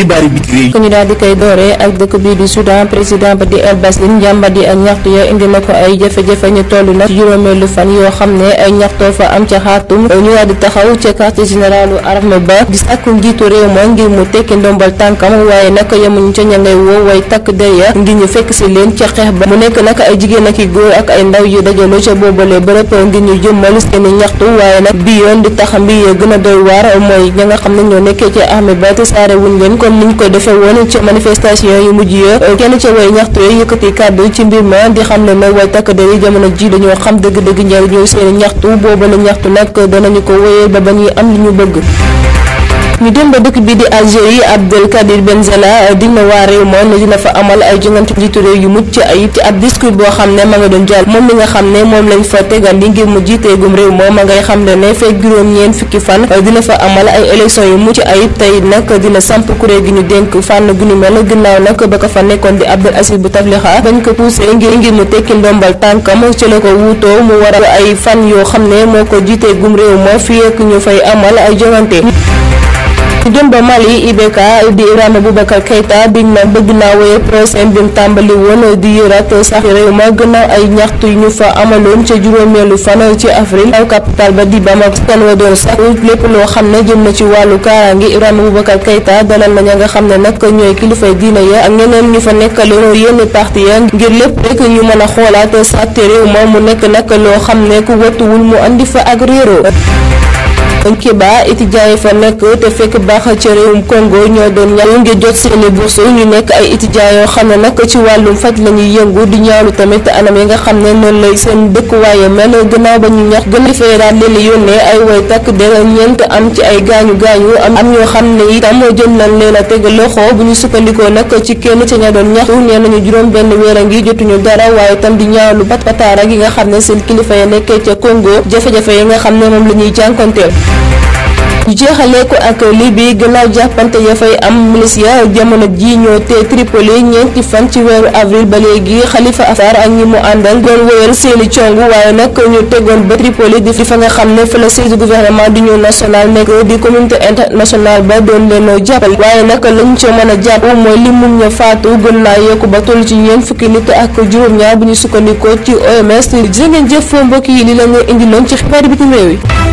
xibaari ñu daal koy dooree ak dëkk bii di Soudan président ba di El njàmbat yi ak ñaxtu ya indi na ko ay jafe-jafe ñu toll na juróomeelu fan yoo xam ne ay ñaxtoo fa am ca Xartum ñu daal di taxaw ca quartier généralu armée ba di sàkku njiitu réew ma ngir mu tekki ndombal tànkam waaye naka yemuñu ca ña ngay woo way takk der ya ngir ñu fekk si leen ca xeex ba mu nekk naka ay jigéen ak i góor ak ay ndaw yu dajaloo ca boobale bërëb ngir ñu jëmmal seeni ñaxtu waaye nag bi yoon di a comme niñ ko defee woon ci manifestation yu mujj ya euh, kenn ci way ñaxtu yooyu yëkkati kàddu ci mbir ma di xam ne nag way takk der yi jamono ji dañoo xam dëgg-dëgg njariñu seen ñaxtu booba la ñaxtu nag danañu ko wéyal ba ba ñuy am li ñu bëgg ñu dem ba dëkk bi di Algérie Abdelkader Benzela euh, dina waa réew ma ne dina fa amal ay jongante njiitu réew yu mucc ayib ci ab discours boo xam ne ma nga doon jàll moom mi nga xam ne moom lañ fa tegal yi ngir mu jiiteegum réew ma ma ngay xam ne ne fekk juróom-ñeent fukki fan euh, dina fa amal ay élection yu mucc ayib tey nak dina samp kuréel gi ñu dénk fànn gu nu mel ginnaaw nag ba ko fa nekkoon di Abdel Aziz Bouteflika bañ ko poussé ngir ngir mu tekki ndombal tànka ci la ko wuutoo mu ay fan yoo xam ne moo ko jiiteegum réew ma fi ak ñu fay amal ay jongante jëm ba Mali IBK di bu Boubacar Keita di na bëgg naa woye procès bi tàmbali woon di yërat sax réew ma gannaaw ay ñaxtu yu ñu fa amaloon ca juróomeelu fan ci avril aw capital ba di Bamako kan wa doon sax lépp loo xam ne jën na ci wàllu kaaraange bu Boubacar Keita dalal na ña nga xam ne nag ñooy kilifay diina ya ak ñeneen ñu fa nekkaloon yenn parti ya ngir lépp rek ñu mën a xoolaat sàtte réew ma mu nekk nag loo xam ne ku wattuwul mu andi fa ak Keba étudiants yi fa nekk te fekk baax ci réewum Congo ñoo doon ñaawlu ngir jot seeni bourse ñu nekk ay étudiants xam ne nag ci wàllum faj la ñuy yëngu di ñaawlu tamit anam yi nga xam ne noonu lay seen dëkkuwaaye mel gannaaw ba ñu ñax gën a fee daal ay takk der ñeent am ci ay gaañu gaañu am ñoo xam ne itam jëm nañ leen a teg loxo bu ñu sukkandikoo nag ci kenn ca ña doon ñaxtu nee nañu juróom benn weer a jotuñu dara waaye itam di ñaawlu pat pataara gi nga xam ne seen kilifa ya nekkee ca Congo jafe-jafe yi nga xam ne moom la ñuy jànkonteel ñu jeexalee ko ak Libye gannaaw jàppante ya fay am milicia jamono ji ñoo te Tripoli ñeenti fan ci weeru avril ba léegi Khalifa Haftar ak ñi mu àndal doon wéyal seeni cong waaye nag ñu tegoon ba Tripoli di fa nga xam ne fa la siège du gouvernement d'union nationale nekk di communauté internationale ba doon leen jàppale waaye nag lañ ca mën a jàpp mooy li mum ña faatu gën naa yokku ba toll ci ñeent fukki nit ak juróom-ñaar bu ñu sukkandikoo ci OMS jërë ngeen jëf mbokk yi li la ñu indiloon ci xibaar bitim réew